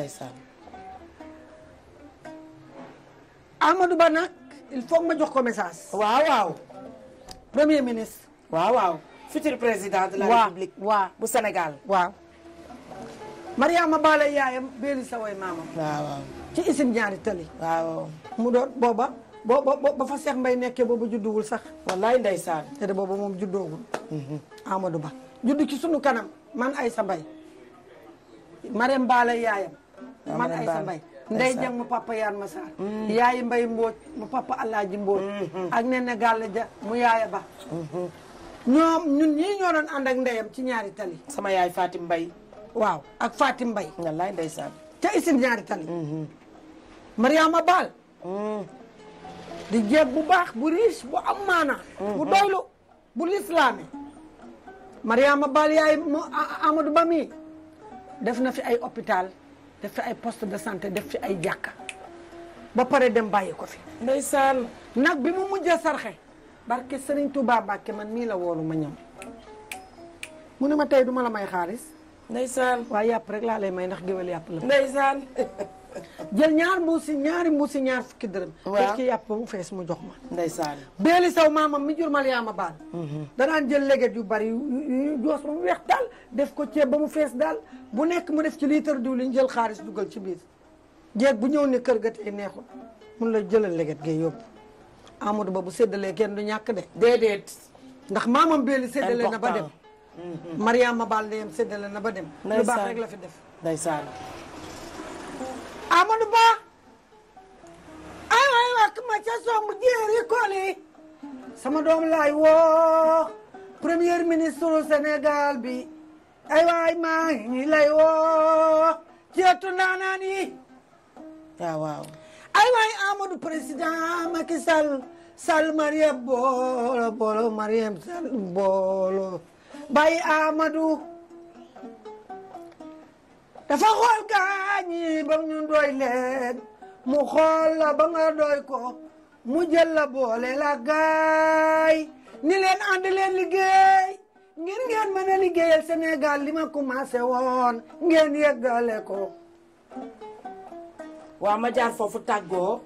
ndeysaan Amadou Ba nag il faut ma jox ko message. waaw waaw. premier ministre. waaw waaw. futur président de la république. waaw bu Sénégal. waaw. Mariama Bale yaayam Béli sa way maamam. waaw waaw. ci isim ñaari tëli. waaw. mu doon booba. booba ba fa Cheikh Mbaye nekkee booba judduwul sax. wallaay ndeysaan. te de booba moom juddoogul. Mhm. Amadou Ba. sunu kanam man ay sa mbay. Mariam Bale yaayam. man ay sa mbay nday jang mu papa yaan ma saar mm-hmm. yaayi mbay mbooj mu papa alaaji mbooj mm-hmm. ak mu yaaya mm-hmm. ci ñaari tali sama yaay Fatim Mbay waaw ak Fatim Mbay wallaay ndeysaan ca isin mm. bu doylu bu lislaame Mariama Baal yaay Amadou Ba def na fi ay hopital def fi ay poste de santé def fi ay jàkka ba pare dem bàyyi ko fi. ndeysaan nag bi mu mujjee sarxe barke Serigne tubaab Mbacke man mii la woolu ma ñëw mu ne ma tey duma la may xaalis. ndeysaan waaye yàpp rek laa lay may ndax géwél yàpp la. ndeysaan. jël ñaar mbuusi ñaari mbuusi ñaar fukki dërëm. waaw ki yàpp mu fees mu jox ma. ndeysaan beeli saw maamam mi jur ma ma baal. Mhm. danaan jël leget yu bari yu joos mu weex daal def ko ceeb ba mu fees daal bu nekk mu def ci litre diwlin jël xaalis dugal ci biir. jeeg bu ñëw ne kër ga tey neexul mun la jëlal leget gee yóbbu Amadou ba bu séddalee kenn du ñàkk de. déedéet. ndax maamam beeli séddale na ba dem. Mhm. Mariama Baal ndeyam séddale na ba dem. lu baax rek la fi def. ndeysaan Amadou Ba ay waay wax ma ca song jéeri koli sama doom laay woo premier ministre Sénégal bi ay waay maa ngi lay woo ceetu ndaanaan yi ay waay Amadou président Macky Sall Mariam boolo boolo Mariam Sall boolo bàyyi Amadou dafa xool gaañi ba ñu doy leen mu xool la ba nga doy ko mu jël la boole la gaay ni leen ànd leen liggéey ngir ngeen mën a liggéeyal Sénégal li ma commencé woon ngeen yeggale ko. waa ma jaar foofu tàggoo.